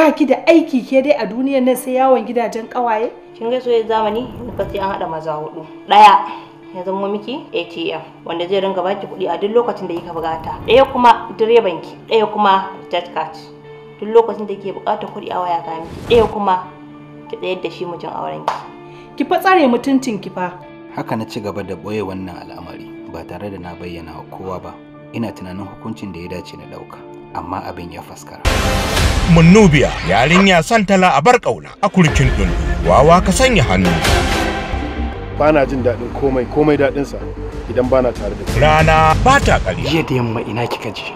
ba ki da aiki ke dai a duniyar nan sai yawon gidajen kawaye kin ga soyayya zamani fa sai an haɗa maza hudu ɗaya ya zama miki ATM wanda zai ringa baki kuɗi a duk lokacin da kika bukata daya kuma direban ki ɗaya kuma jet card duk lokacin da kike bukata kuɗi a waya ka miki ɗaya kuma ki tsayar da shi a auren ki ki fa tsare mutuncin ki fa haka na ci gaba da boye wannan al'amari ba tare da na bayyana kowa ba ina tunanin hukuncin da ya dace na ɗauka amma abin ya faskara. Munnubiya yarinya santala a bar kauna a kurkin dundu wawa ka sanya hannu. Bana jin daɗin komai komai daɗinsa idan bana tare da Rana ba ta ƙarya. Jiya da yamma ina kika ji.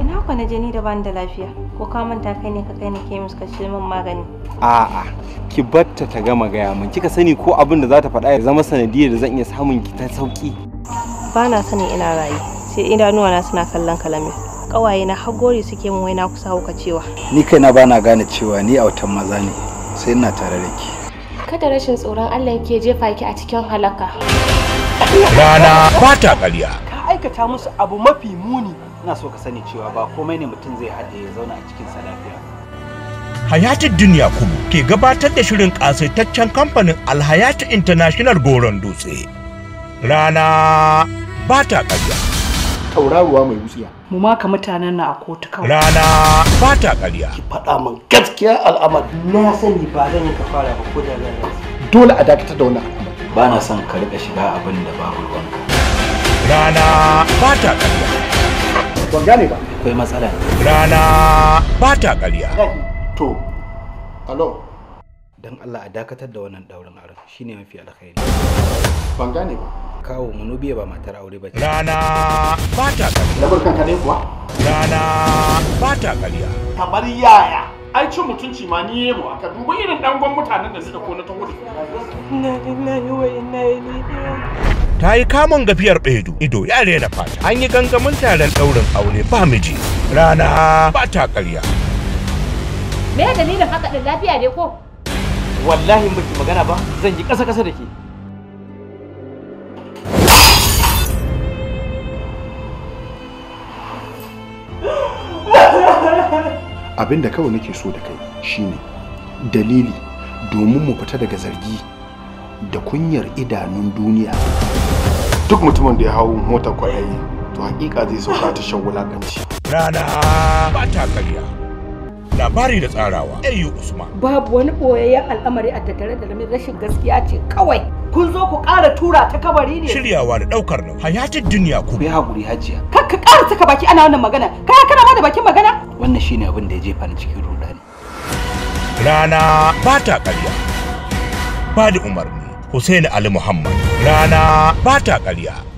Ina ku na jini da bani da lafiya ko ka manta kai ne ka kai ni kemis ka ce min magani. A'a ki batta ta gama gaya min kika sani ko abin da za ta faɗa ya zama sanadiyar da zan iya samun ki ta sauki. Bana sani ina rayu sai idanuwana suna kallon kalamin. ƙawaye na hagori suke wai waina kusa hauka cewa ni kaina ba na gane cewa ni a wutan maza ne sai ina tare da ki kada rashin tsoron Allah yake jefa ki a cikin halaka rana ba kariya ka aikata musu abu mafi muni ina so ka sani cewa ba komai ne mutum zai haɗe ya zauna a cikin sa lafiya Duniya Kubu ke gabatar da shirin ƙasaitaccen kamfanin Alhayati International Goron Dutse. Rana bata ta tauraruwa mai wutsiya. Mu ma ka mutanen na a kotu kawai. Rana ba ta Ki faɗa min gaskiya al'amar. Na sani ba zan yi fara ba ko da zan Dole a dakatar da wannan al'amar. Ba na son ka riƙa shiga abin da babu ruwanka. Rana ba ta ƙarya. Ban gane ba. Akwai matsala. Rana ba ta To, alo. Dan Allah a dakatar da wannan daurin aure shine mafi alkhairi. Ban gane ba. kawo munubiya ba matar aure ba rana fata ta ƙarya labar ka ne kuwa rana ba ta kamar yaya ai cin mutunci ma ni yemo aka duba irin dangon mutanen da suka kona ta hudu na lillahi wa inna ilaihi ta yi kamun gafiyar bedu ido ya rena fata an yi gangamin taron ɗaurin aure ba miji rana ba ta me dalilin haka din lafiya ne ko wallahi ki magana ba zan yi ƙasa ƙasa da ke abin da kawai nake so da kai shine dalili domin mu fita daga zargi da kunyar idanun duniya duk mutumin da ya hau motar kwayayi to hakika zai sauka ta shan wulakanci rana ba ta karya labari da tsarawa ayu usman babu wani boyayyen al'amari a tattare da lamin rashin gaskiya ce kawai kun zo ku ƙara tura ta kabari ne shiryawa da ɗaukar nan hayatin duniya ku bai haƙuri hajiya kar ka ƙara saka baki ana wannan magana ya kana ma da bakin magana wannan shine abin da ya jefa ni cikin rudani rana ba ta ƙarya ba da umarni Hussein Ali Muhammad rana ba ta ƙarya